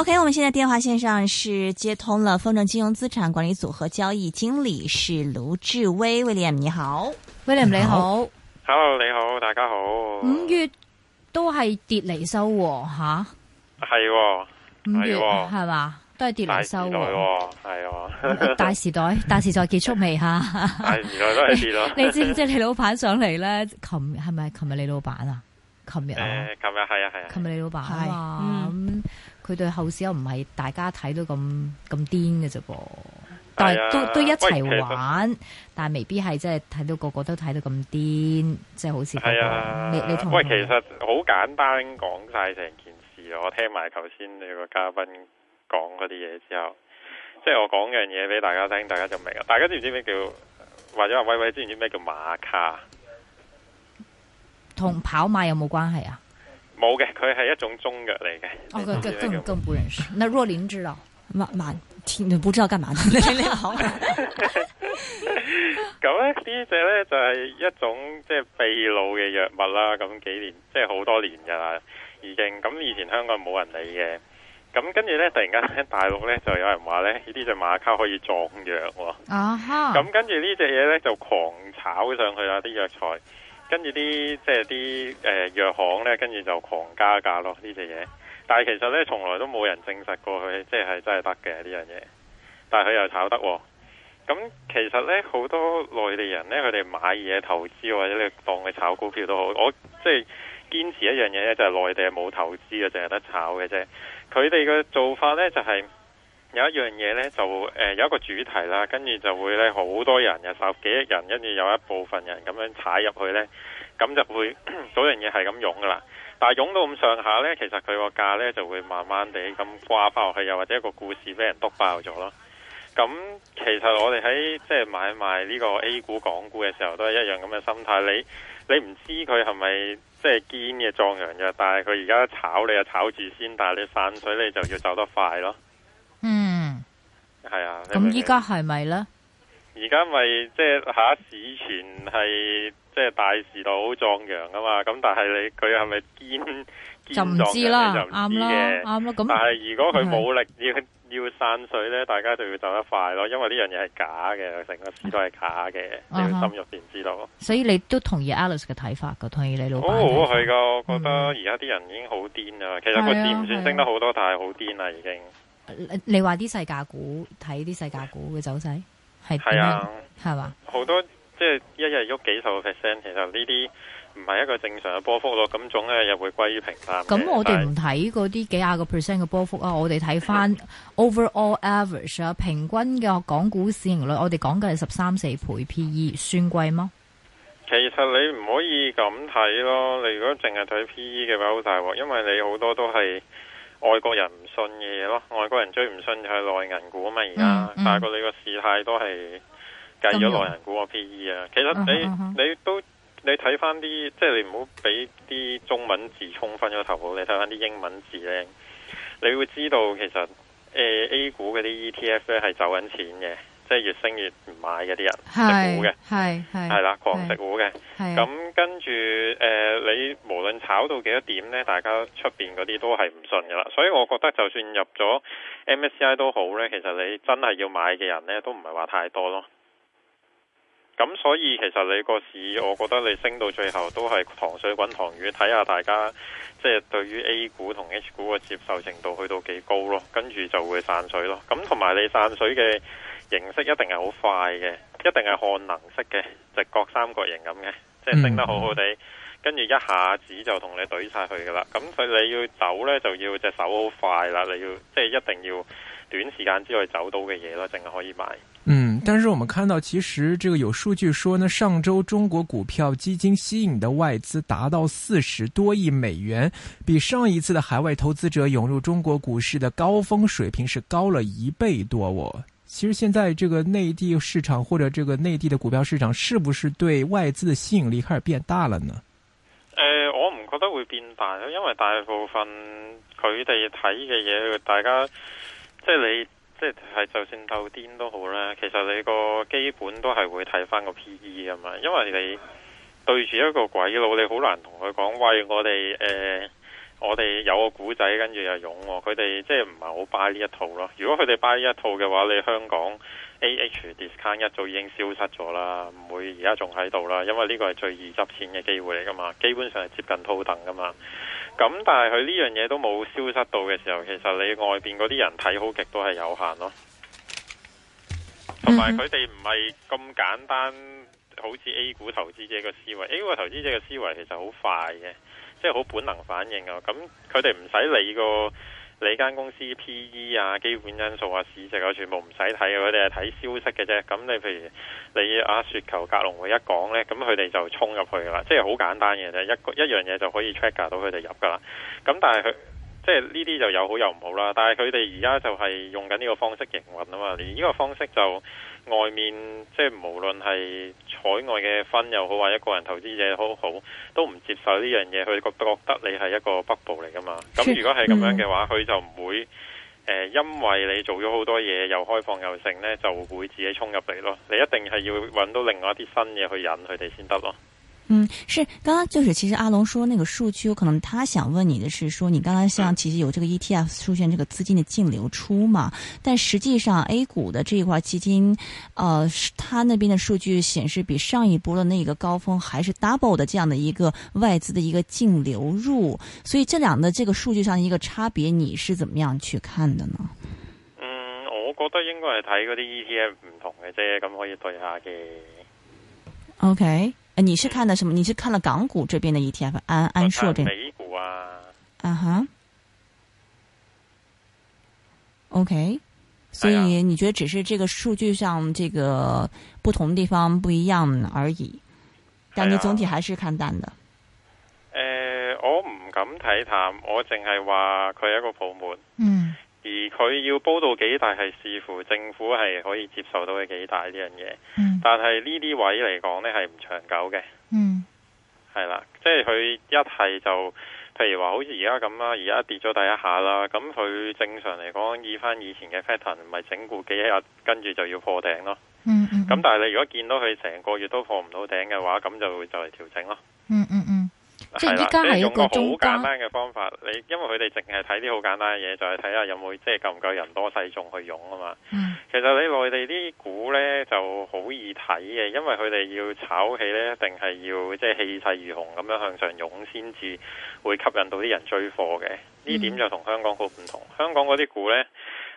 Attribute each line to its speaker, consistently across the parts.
Speaker 1: O.K.，我們現在電話線上是接通了。豐盛金融資產管理組合交易經理是盧志威，William，你好，William，你好
Speaker 2: ，Hello，你好，大家好。五
Speaker 1: 月
Speaker 3: 都係跌嚟收吓，
Speaker 2: 係、啊，五、哦哦、月係
Speaker 3: 嘛，都係跌嚟收，係哦。
Speaker 2: 哦 大時
Speaker 3: 代，大時代結束未吓？ 大時代
Speaker 4: 都係跌咯。 你知唔
Speaker 3: 知你老闆上嚟咧？琴係咪琴日你老闆、呃、啊？琴日，誒，琴日係啊係啊，琴日你老闆啊佢對後市又唔係大家睇到咁咁癲嘅啫噃，
Speaker 4: 但係都、哎、呀都一齊玩，
Speaker 3: 但係未必係即係睇到個個都睇到咁癲，即係好似你你同喂，其實
Speaker 2: 都個個都都好簡單講晒成件事，我聽埋頭先你個嘉賓講嗰啲嘢之後，即係我講樣嘢俾大家聽，大家就明啦。大家知唔知咩叫或者話威威知唔知咩叫馬卡，
Speaker 3: 同跑馬有冇關係
Speaker 2: 啊？嗯冇嘅，佢係一種中藥嚟嘅。哦 Okay,，更更更
Speaker 1: 不認識。那若琳知道馬馬聽，不知道幹嗎呢？
Speaker 2: 咁咧呢隻咧就係、是、一種即係秘魯嘅藥物啦。咁幾年即係好多年噶啦，已經咁以前香港冇人理嘅。咁跟住咧突然間喺大陸咧就有人話咧呢啲隻馬卡可以壯藥。哦咁、
Speaker 4: uh huh.
Speaker 2: 跟住呢隻嘢咧就狂炒上去啦，啲藥材。跟住啲即係啲誒藥行呢，跟住就狂加價咯呢隻嘢。但係其實呢，從來都冇人證實過佢，即係真係得嘅呢樣嘢。但係佢又炒得喎。咁、嗯、其實呢，好多內地人呢，佢哋買嘢投資或者你當佢炒股票都好。我即係堅持一樣嘢呢，就係內地係冇投資嘅，淨係得炒嘅啫。佢哋嘅做法呢，就係。有一樣嘢呢，就誒、呃、有一個主題啦，跟住就會呢，好多人，有十幾億人，跟住有一部分人咁樣踩入去呢，咁就會嗰樣嘢係咁湧噶啦。但係湧到咁上下呢，其實佢個價呢就會慢慢地咁掛翻落去，又或者一個故事俾人督爆咗咯。咁、嗯、其實我哋喺即係買賣呢個 A 股、港股嘅時候，都係一樣咁嘅心態。你你唔知佢係咪即係堅嘅壯陽嘅，但係佢而家炒你就炒住先，但係你散水你就要走得快咯。係、嗯就是、啊，咁依家係咪咧？而家咪即係下市前係即係大市都好壯陽啊嘛。咁但係你佢係咪堅就唔知啦，就唔知嘅，啱啦。但係如果佢冇力，嗯、要要散水咧，大家就要走得快咯。因為呢樣嘢係假嘅，成個市都係假嘅，啊、你要深入便知道。
Speaker 3: 所以你都同意 Alice 嘅睇法噶，同意你老。哦，係噶，
Speaker 2: 我覺得而家啲人已經好癲啊。其實個市唔算升得好多，但係好癲啦已經癲癲。
Speaker 3: 你話啲細價股，睇啲細價股嘅走勢係係啊，係嘛吧？
Speaker 2: 好多即係一日喐幾十個 percent，其實呢啲唔係一個正常嘅波幅咯。咁總係又會歸於平淡。咁我哋唔
Speaker 3: 睇嗰啲幾廿個 percent 嘅波幅啊， 我哋睇翻 overall average 啊。平均嘅港股市盈率。我哋講嘅係十三四倍 P E，算貴嗎？
Speaker 2: 其實你唔可以咁睇咯。你如果淨係睇 P E 嘅話好大鑊，因為你好多都係。外國人唔信嘅嘢咯，外國人追唔信就係內銀股啊嘛，而家。但係，嗯嗯、你哋個市態都係計咗內銀股個 P E 啊。嗯嗯、其實你、嗯嗯嗯、你都你睇翻啲，即係你唔好俾啲中文字沖昏咗頭好，你睇翻啲英文字咧，你會知道其實誒，呃、A 股嗰啲 E T F 咧係走緊錢嘅。即係越升越唔買嗰啲人是食股嘅
Speaker 4: 係係係啦，狂食股嘅咁
Speaker 2: 跟住誒、呃，你無論炒到幾多點呢，大家出邊嗰啲都係唔信噶啦。所以我覺得就算入咗 MSCI 都好呢，其實你真係要買嘅人呢，都唔係話太多咯。咁所以其實你個市，我覺得你升到最後都係塘水滾塘魚，睇下大家即係、就是、對於 A 股同 H 股嘅接受程度去到幾高咯，跟住就會散水咯。咁同埋你散水嘅。形式一定係好快嘅，一定係漢能式嘅，直角三角形咁嘅，即係整得好好地，跟住一下子就同你懟晒去噶啦。咁所以你要走咧，就要隻手好快啦，你要即係一定要短時間之內走到嘅嘢咯，淨係可以買。嗯，但是我們看到其實這個有數據說呢，上周中國股票基金吸引的外資達到四十多億美元，比上一次的海外投資者湧入中國股市的高峰水平是高了一倍多哦。其實現在這個內地市場或者這個內地的股票市場，是不是對外資的吸引力開始變大了呢？誒、呃，我唔覺得會變大咯，因為大部分佢哋睇嘅嘢，大家即係你即係，就算鬥癲都好啦。其實你個基本都係會睇返個 PE 啊嘛，因為你對住一個鬼佬，你好難同佢講，喂，我哋誒。呃我哋有個古仔，跟住又湧，哦，佢哋即係唔係好 buy 呢一套咯。如果佢哋 buy 呢一套嘅話，你香港 A H discount 一早已經消失咗啦，唔會而家仲喺度啦。因為呢個係最易執錢嘅機會嚟噶嘛，基本上係接近套戥噶嘛。咁但係佢呢樣嘢都冇消失到嘅時候，其實你外邊嗰啲人睇好極都係有限咯。同埋佢哋唔係咁簡單，好似 A 股投資者嘅思維。Mm hmm. A 股投資者嘅思維其實好快嘅。即係好本能反應啊！咁佢哋唔使理個你間公司 P/E 啊、基本因素啊、市值啊，全部唔使睇。佢哋係睇消息嘅啫。咁你譬如你阿、啊、雪球、格隆匯一講呢，咁佢哋就衝入去啦。即係好簡單嘅啫，一一樣嘢就可以 check 到佢哋入噶啦。咁但係佢即係呢啲就有好有唔好啦。但係佢哋而家就係用緊呢個方式營運啊嘛，而、這、呢個方式就。外面即係無論係海外嘅分又好，或者個人投資者好好都唔接受呢樣嘢，佢覺得你係一個 bubble 嚟噶嘛。咁如果係咁樣嘅話，佢就唔會誒、呃，因為你做咗好多嘢，又開放又盛咧，就會自己衝入嚟咯。你一定係要揾到另外一啲新嘢去引佢哋先得咯。
Speaker 1: 嗯，是剛剛就是其實阿龍說那個數據，有可能他想問你的是說，你剛剛像其實有這個 ETF 出現這個資金的淨流出嘛？但實際上 A 股的這一塊基金，呃，他那邊的數據顯示比上一波的那個高峰還是 double 的這樣的一個外資的一個淨流入，所以這兩個的這個數據上的一個差別，你是怎麼樣去看的呢？
Speaker 2: 嗯，我覺得應該係睇嗰啲 ETF 唔同嘅啫，咁可以對下嘅。
Speaker 1: OK。呃、你是看的什麼？你是看了港股這邊的 ETF，安安碩這？美股啊。嗯哼、啊。OK，所以你覺得只是這個數據上這個不同地方不一樣而已，
Speaker 2: 但你總體
Speaker 1: 還是看淡的。
Speaker 2: 誒、啊呃，我唔敢睇淡，我淨係話佢係一個泡沫。嗯。而佢要煲到幾大，係視乎政府係可以接受到嘅幾大呢樣嘢。嗯，但係呢啲位嚟講呢，係唔長久嘅。嗯，係啦，即係佢一係就，譬如話好似而家咁啦，而家跌咗第一下啦，咁佢正常嚟講，依返以前嘅 pattern，唔係整固幾日，跟住就要破頂咯。嗯咁、嗯、但係你如果見到佢成個月都破唔到頂嘅話，咁就就嚟調整咯。嗯嗯
Speaker 4: 嗯。
Speaker 2: 即係依家用個好簡單嘅方法，你因為佢哋淨係睇啲好簡單嘅嘢，就係睇下有冇即係夠唔夠人多勢眾去湧啊嘛。嗯、其實你內地啲股呢就好易睇嘅，因為佢哋要炒起呢，一定係要即係氣勢如虹咁樣向上湧先至會吸引到啲人追貨嘅。嗯、呢點就同香港好唔同，香港嗰啲股呢。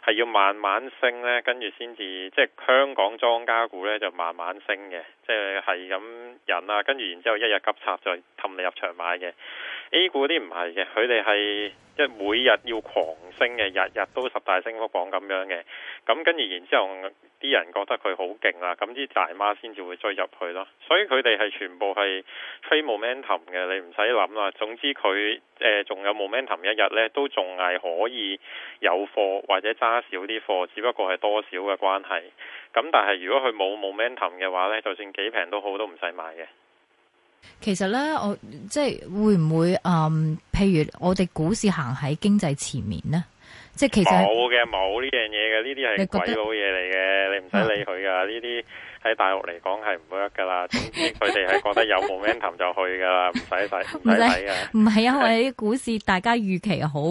Speaker 2: 係要慢慢升咧，跟住先至即係香港莊家股咧就慢慢升嘅，即係係咁忍啦、啊。跟住然之後一日急插就氹你入場買嘅 A 股啲唔係嘅，佢哋係即係每日要狂升嘅，日日都十大升幅榜咁樣嘅。咁跟住然之後。啲人覺得佢好勁啦，咁啲大媽先至會追入去咯，所以佢哋係全部係非 momentum 嘅，你唔使諗啦。總之佢誒仲有 momentum 一日咧，都仲係可以有貨或者揸少啲貨，只不過係多少嘅關係。咁但係如果佢冇 momentum 嘅話咧，就算幾平都好，都唔使買嘅。
Speaker 3: 其實咧，我即係會唔會誒、嗯？譬如我哋股市行喺經濟前面呢。即係其實冇
Speaker 2: 嘅，冇呢樣嘢嘅，呢啲係鬼佬嘢嚟嘅，你唔使理佢噶，呢啲、啊。喺大陸嚟講係唔 work 噶啦，總之佢哋係覺得有 momentum 就去噶啦，唔使睇唔使
Speaker 3: 睇啊！唔係啊，因為啲股市大家預期好，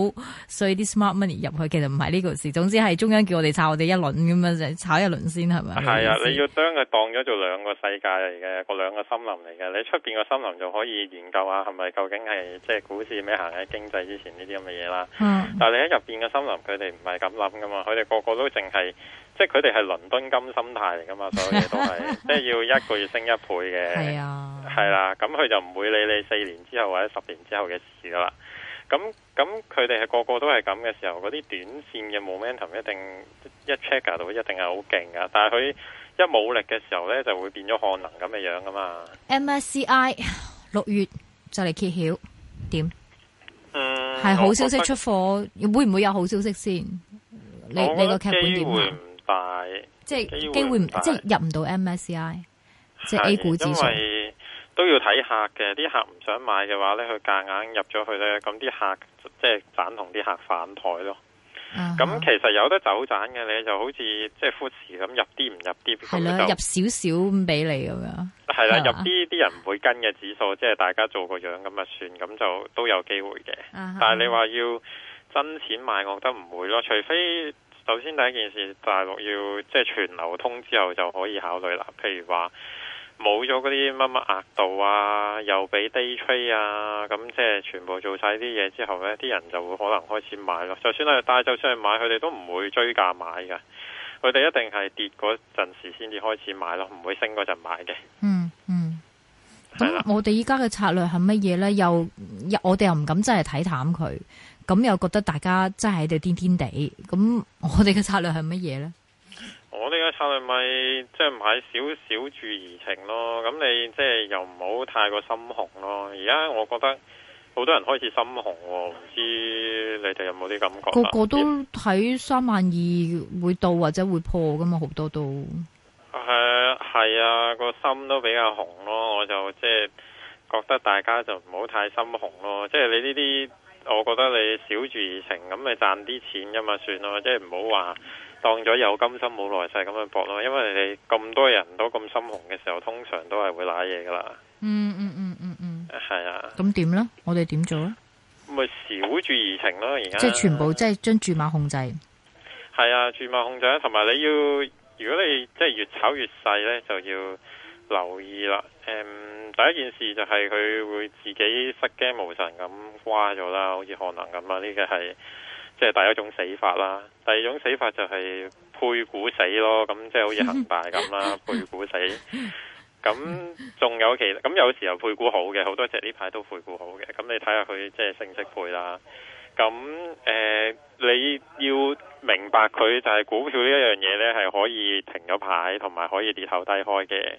Speaker 3: 所以啲 smart money 入去其實唔係呢個事。總之係中央叫我哋炒我哋一輪咁樣，就炒一輪先係咪？係啊，你
Speaker 2: 要將佢當咗做兩個世界嚟嘅，個兩個森林嚟嘅。你出邊個森林就可以研究下係咪究竟係即係股市咩行喺經濟之前呢啲咁嘅嘢啦。嗯，但係你喺入邊嘅森林，佢哋唔係咁諗噶嘛，佢哋個個都淨係。即係佢哋係倫敦金心態嚟噶嘛，所以都係 即係要一個月升一倍嘅，係 啊，係啦，咁佢就唔會理你四年之後或者十年之後嘅事噶啦。咁咁佢哋係個個都係咁嘅時候，嗰啲短線嘅 momentum 一定一 check 就、er、到一定係好勁噶，但係佢一冇力嘅時候咧，就會變咗可能咁嘅樣噶嘛。
Speaker 3: MSCI 六月就嚟揭曉點？
Speaker 2: 係、嗯、好消息出
Speaker 3: 貨，會唔會有好消息先？你你個劇本點？即係機會唔大，即係入唔到 MSCI，即係 A 股指數因
Speaker 2: 為都要睇客嘅，啲客唔想買嘅話咧，佢夾硬入咗去咧，咁啲客即係斬同啲客反台咯。咁、uh huh。其實有得走盞嘅，你就好似即係富時咁入啲唔入啲，入，入，的入少
Speaker 3: 少咁俾你咁樣。
Speaker 2: 係啦的，的入啲啲人唔會跟嘅指數，即係大家做個樣咁啊算，咁就都有機會嘅。Uh
Speaker 4: huh。但係你話
Speaker 2: 要真錢買，我覺得唔會咯，除非。首先第一件事，大陸要即係全流通之後就可以考慮啦。譬如話冇咗嗰啲乜乜額度啊，又俾低推啊，咁即係全部做晒啲嘢之後呢，啲人就會可能開始買咯。就算係帶走出去買，佢哋都唔會追價買㗎，佢哋一定係跌嗰陣時先至開始買咯，唔會升嗰陣買嘅、
Speaker 3: 嗯。嗯嗯，咁我哋依家嘅策略係乜嘢呢？又我哋又唔敢真係睇淡佢。咁又覺得大家真係喺度癲癲地，咁我哋嘅策略係乜嘢呢？
Speaker 2: 我哋嘅策略咪即係買少少注怡情咯，咁你即係、就是、又唔好太過心紅咯。而家我覺得好多人開始心紅，唔知你哋有冇啲感覺？個個都
Speaker 3: 睇三萬二會到或者會破噶嘛，好多都。
Speaker 2: 誒係、呃、啊，個心都比較紅咯，我就即係、就是、覺得大家就唔好太心紅咯，即、就、係、是、你呢啲。我覺得你少注二成，咁咪賺啲錢噶嘛，算咯，即係唔好話當咗有今生冇來世咁樣搏咯，因為你咁多人都咁心紅嘅時候，通常都係會瀨嘢噶啦。嗯嗯嗯嗯嗯，係、嗯嗯、啊。
Speaker 3: 咁點呢？我哋點做呢？
Speaker 2: 咪、嗯、少注二成咯，而家即係全部
Speaker 3: 即係將注碼控制。
Speaker 2: 係啊，注碼控制，同埋你要，如果你即係越炒越細呢，就要。留意啦，誒、嗯、第一件事就係佢會自己失驚無神咁瓜咗啦，好似可能咁啊，呢個係即係第一種死法啦。第二種死法就係配股死咯，咁即係好似恒大咁啦， 配股死。咁、嗯、仲有其咁、嗯、有時候配股好嘅，好多隻呢排都配股好嘅。咁、嗯、你睇下佢即係升息配啦。咁、嗯、誒、呃、你要明白佢就係股票呢一樣嘢呢係可以停咗牌，同埋可以跌後低開嘅。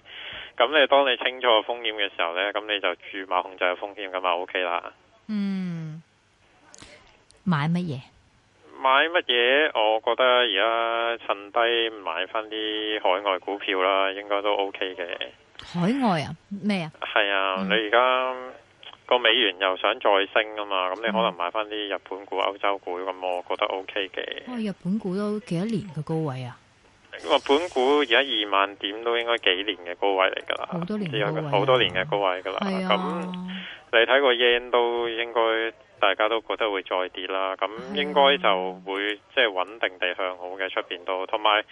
Speaker 2: 咁你當你清楚風險嘅時候呢，咁你就注碼控制風險咁咪 O K 啦。嗯，
Speaker 3: 買乜嘢？
Speaker 2: 買乜嘢？我覺得而家趁低買翻啲海外股票啦，應該都 O K 嘅。海外啊？咩啊？係啊、嗯，你而家個美元又想再升啊嘛，咁你可能買翻啲日本股、歐洲股，咁我覺得 O K 嘅。
Speaker 3: 啊、哦！日本股都幾多年嘅高位啊？
Speaker 2: 本股而家二萬點都應該幾年嘅高位嚟噶啦好多年嘅高位，好多年嘅高位噶啦咁、啊、你睇個 yen 都應該大家都覺得會再跌啦。咁應該就會即係穩定地向好嘅出邊度，同埋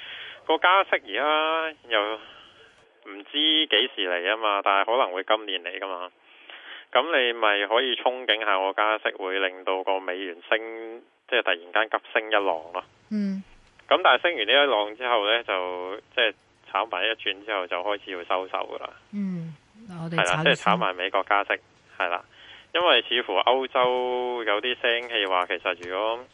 Speaker 2: 個加息而家又唔知幾時嚟啊嘛，但係可能會今年嚟噶嘛咁你咪可以憧憬下，個加息會令到個美元升，即係突然間急升一浪咯。嗯。咁但係升完呢一浪之後呢，就即係炒埋一轉之後，就開始要收手噶啦。嗯，係啦，即係炒埋美國加息，係啦，因為似乎歐洲有啲聲氣話，其實如果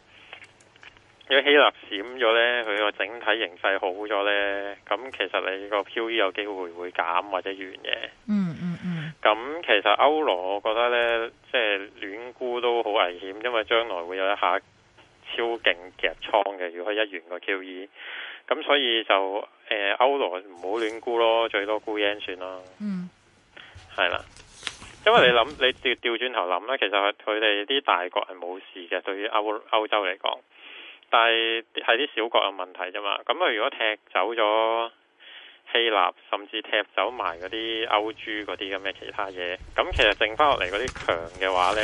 Speaker 2: 如果希臘閃咗呢，佢個整體形勢好咗呢，咁其實你個飄移有機會會減或者完嘅。嗯嗯嗯。咁其實歐羅我覺得呢，即係亂估都好危險，因為將來會有一下。超勁夾倉嘅，如果一元個 QE，咁所以就誒、呃、歐羅唔好亂沽咯，最多沽 yen 算啦。嗯，係啦，因為你諗你調調轉頭諗咧，其實佢哋啲大國係冇事嘅，對於歐歐洲嚟講，但係係啲小國有問題啫嘛。咁佢如果踢走咗希臘，甚至踢走埋嗰啲歐豬嗰啲咁嘅其他嘢，咁其實剩翻落嚟嗰啲強嘅話咧。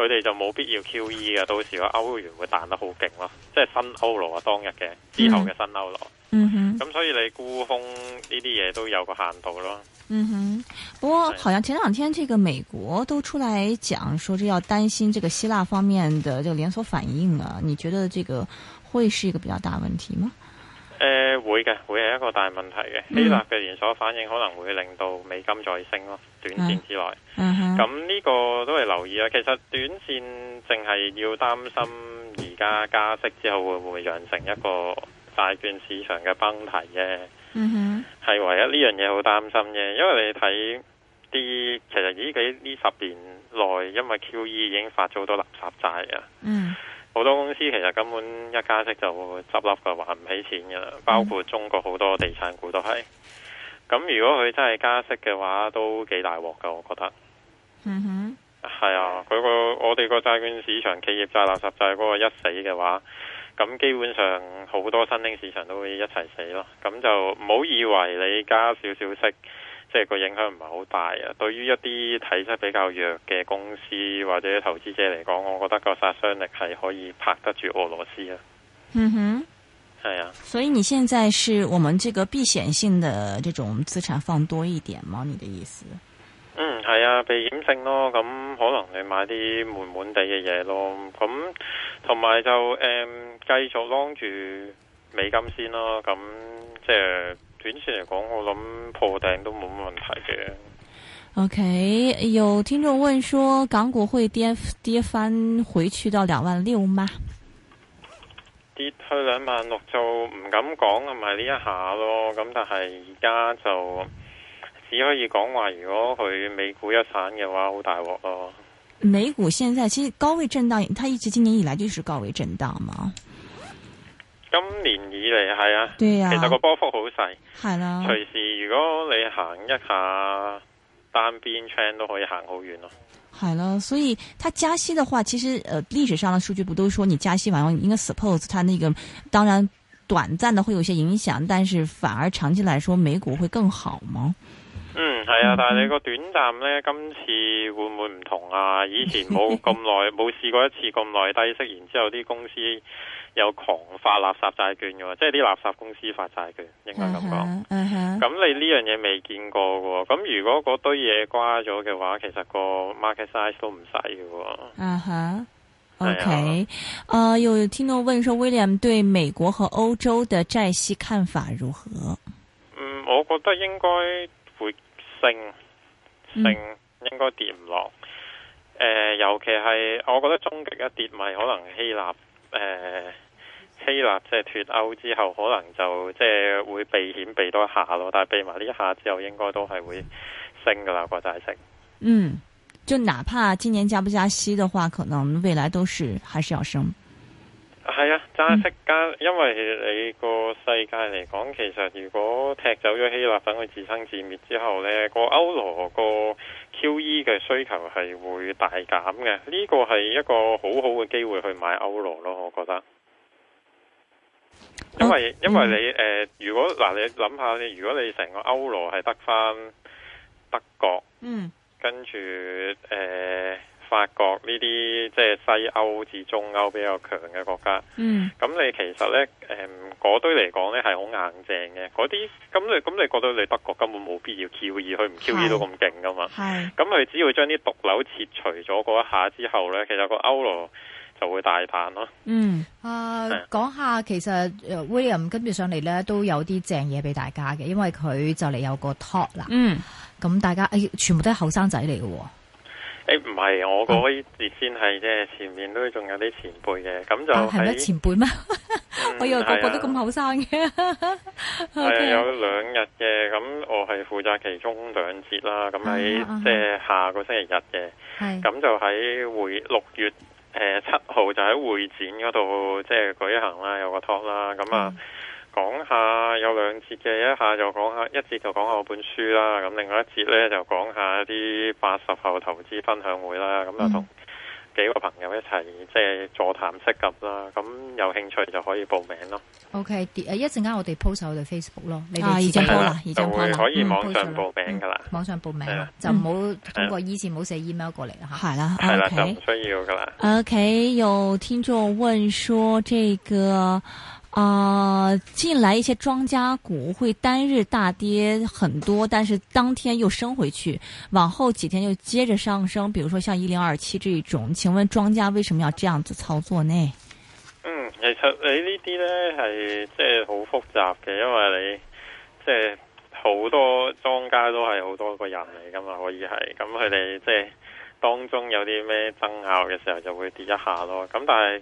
Speaker 2: 佢哋就冇必要 QE 嘅，到時個歐元會彈得好勁咯，即係新歐羅啊，當日嘅之後嘅新歐羅，嗯，嗯哼，咁所以你沽空呢啲嘢都有個限度咯。嗯哼，
Speaker 1: 不過好像前兩天這個美國都出來講，說這要擔心這個希臘方面的就連鎖反應啊，你覺得這個會是一個比較大問題嗎？
Speaker 2: 誒、呃，會嘅，會係一個大問題嘅。Mm hmm. 希臘嘅連鎖反應可能會令到美金再升咯，短線之內。咁呢、mm hmm. 個都係留意啊。其實短線淨係要擔心而家加息之後會唔會釀成一個債券市場嘅崩塌啫。係、mm hmm. 唯一呢樣嘢好擔心嘅，因為你睇啲其實呢幾呢十年內，因為 QE 已經發咗好多垃圾債啊。Mm hmm. 好多公司其實根本一加息就執笠噶還唔起錢噶喇包括中國好多地產股都係。咁如果佢真係加息嘅話，都幾大鑊噶我覺得。嗯哼。係啊，嗰、那個我哋個債券市場、企業債、垃圾債嗰個一死嘅話，咁基本上好多新興市場都會一齊死咯。咁就唔好以為你加少少息。即係個影響唔係好大啊！對於一啲體質比較弱嘅公司或者投資者嚟講，我覺得個殺傷力係可以拍得住俄羅斯啊。嗯哼，
Speaker 1: 係啊。所以你現在是我們這個避險性的這種資產放多一點嗎？你的意思？
Speaker 2: 嗯，係啊，避險性咯。咁、嗯、可能你買啲悶悶地嘅嘢咯。咁同埋就誒、嗯，繼續撈住美金先咯。咁、嗯、即係。短線嚟講，我諗破頂都冇乜問題嘅。
Speaker 1: OK，有聽眾問說，港股會跌跌翻回去到兩萬六嗎？
Speaker 2: 跌去兩萬六就唔敢講，係咪呢一下咯？咁但係而家就只可以講話，如果佢美股一散嘅話，好大鑊咯。
Speaker 1: 美股現在其實高位震盪，它一直今年以來就是高位震盪嘛。
Speaker 2: 今年以嚟係啊，對啊，其實個波幅好細，係啦、啊。隨時如果你行一下單邊 train 都可以行好遠咯，
Speaker 1: 係啦、啊。所以，它加息嘅話，其實，呃，歷史上嘅數據不都說你加息完應該 suppose 它那個，當然短暫的會有些影響，但是反而長期來說，美股會更好嗎？嗯，
Speaker 2: 係啊，嗯、但係你個短暫呢，今次會唔會唔同啊？以前冇咁耐，冇 試過一次咁耐低息，然之後啲公司。有狂發垃圾債券嘅，即係啲垃圾公司發債券，應該咁講。咁、uh huh, uh huh. 你呢樣嘢未見過嘅，咁如果嗰堆嘢瓜咗嘅話，其實個 market size 都唔使嘅。Uh huh,
Speaker 1: okay. 啊哈，OK，啊有聽到問說，William 對美國和歐洲嘅債息看法如何？
Speaker 2: 嗯，我覺得應該會升升，應該跌唔落。誒、嗯呃，尤其係我覺得終極一跌咪可能希臘。誒，希臘即係脫歐之後，可能就即係會避險避多一下咯，但係避埋呢一下之後，應該都係會升噶啦，國債息，嗯，
Speaker 1: 就哪怕今年加不加息的話，可能未來都是還是要升。
Speaker 2: 係啊，加息加，因為你個世界嚟講，其實如果踢走咗希臘，等佢自生自滅之後咧，個歐羅個 Q E 嘅需求係會大減嘅。呢個係一個好好嘅機會去買歐羅咯，我覺得。因為因為你誒、呃，如果嗱、呃，你諗下你，如果你成個歐羅係得翻德國，嗯，跟住誒。呃法國呢啲即係西歐至中歐比較強嘅國家，嗯，咁你其實咧，誒、嗯，嗰堆嚟講咧係好硬淨嘅，嗰啲，咁你，咁你覺得你德國根本冇必要 QE，佢唔 QE 都咁勁噶嘛，係是，咁佢只要將啲毒瘤切除咗嗰一下之後咧，其實個歐羅就會大彈咯，嗯，
Speaker 3: 啊、呃，講是下其實 William 跟住上嚟咧都有啲正嘢俾大家嘅，因為佢就嚟有個 talk 啦，嗯，咁大家誒、哎，全部都係後生仔嚟嘅。
Speaker 2: 誒，唔係、欸，我嗰位熱先係即係前面都仲、啊、 Okay. 有啲前輩嘅，咁就喺前輩咩？
Speaker 3: 我以為個個都咁後生嘅。係有兩
Speaker 2: 日嘅，咁我係負責其中兩節啦。咁喺即係下個星期日嘅，咁、嗯嗯、就喺會六月誒七號就喺會展嗰度即係舉行啦，有個 talk 啦，咁啊、嗯。講下有兩節嘅，一下就講下一節就講下我本書啦，咁另外一節咧就講下啲八十後投資分享會啦，咁就同幾個朋友一齊即係座談式咁啦，咁、嗯、有興趣就可以報名咯。
Speaker 3: OK，一陣間我哋 post 我哋 Facebook 咯，你哋直接鋪啦，可以、啊、網上報名噶啦，網上報名、啊、就唔好通過以前 a i 好寫 email 過嚟啦吓，係啦，係啦，就唔需要噶啦。
Speaker 1: OK，有聽眾問說，這個。啊，近、uh, 來一些莊家股會單日大跌很多，但是當天又升回去，往後幾天又接着上升，比如說像一零二七這種，請問莊家為什麼要這樣子操作呢？
Speaker 2: 嗯，其實你呢啲呢係即係好複雜嘅，因為你即係好多莊家都係好多個人嚟噶嘛，可以係咁佢哋即係當中有啲咩爭拗嘅時候就會跌一下咯，咁但係。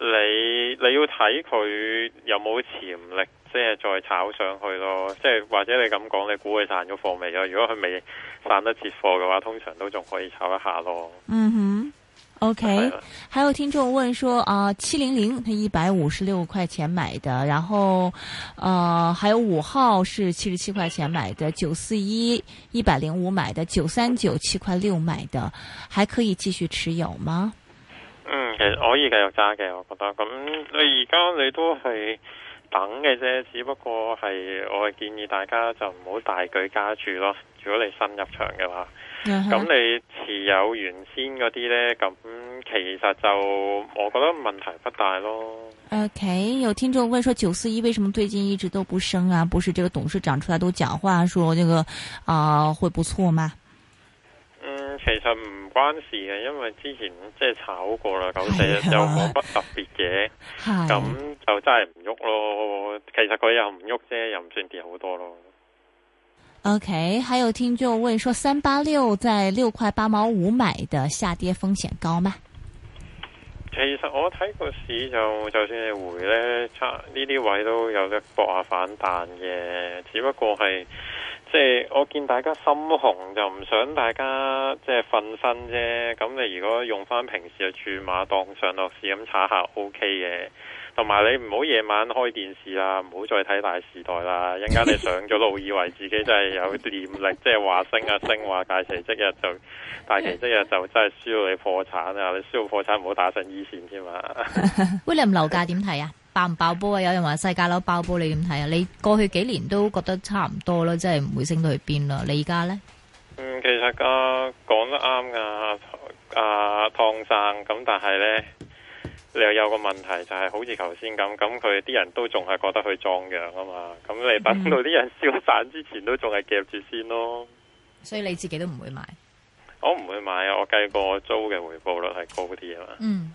Speaker 2: 你你要睇佢有冇潛力，即係再炒上去咯。即係或者你咁講，你估佢散咗貨未啊？如果佢未散得切貨嘅話，通常都仲可以炒一下咯。
Speaker 1: 嗯哼，OK 了。還有聽眾問說，啊、呃，七零零，佢一百五十六塊錢買的，然後，呃，還有五號是七十七塊錢買的，九四一一百零五買的，九三九七塊六買的，還可以繼續持有嗎？
Speaker 2: 誒，可以繼續揸嘅，我覺得咁你而家你都係等嘅啫，只不過係我建議大家就唔好大舉加注咯。如果你新入場嘅話，
Speaker 1: 咁、uh huh.
Speaker 2: 你持有原先嗰啲呢，咁其實就我覺得問題不大咯。
Speaker 1: OK，有聽眾問說九四一為什麼最近一直都不升啊？不是這個董事長出來都講話說這個啊、呃、會不錯嗎？
Speaker 2: 其實唔關事嘅，因為之前即係炒過啦，咁第日就冇乜特別嘅。咁 就真係唔喐咯。其實佢又唔喐啫，又唔算跌好多咯。
Speaker 1: OK，還有聽眾問說，三八六在六塊八毛五買的下跌風險高嗎？
Speaker 2: 其實我睇個市就，就算你回咧，差呢啲位都有得搏下反彈嘅，只不過係。即係我見大家心紅就唔想大家即係瞓身啫，咁你如果用翻平時嘅注碼當上落市咁查下 OK 嘅，同埋你唔好夜晚開電視啦，唔好再睇大時代啦，一陣間你上咗路以為自己真係有念力，即係話升啊升，話大奇蹟日就大奇蹟，即日就真係輸到你破產，你輸到破產 你啊，你輸到破產唔好打上二綫添嘛。
Speaker 3: 威廉樓價點睇啊？爆唔爆煲啊？有人話世界樓爆煲，你點睇啊？你過去幾年都覺得差唔多咯，即係唔會升到去邊啦。你而家呢？嗯，
Speaker 2: 其實啊，講得啱啊，啊，湯、啊、生咁，但係呢，你又有個問題就係、是、好似頭先咁，咁佢啲人都仲係覺得佢壯陽啊嘛，咁你等到啲人消散之前都仲係夾住先咯。
Speaker 1: 所以你自己都唔會，會買？
Speaker 2: 我唔會買啊！我計過我租嘅回報率係高啲啊嘛。嗯。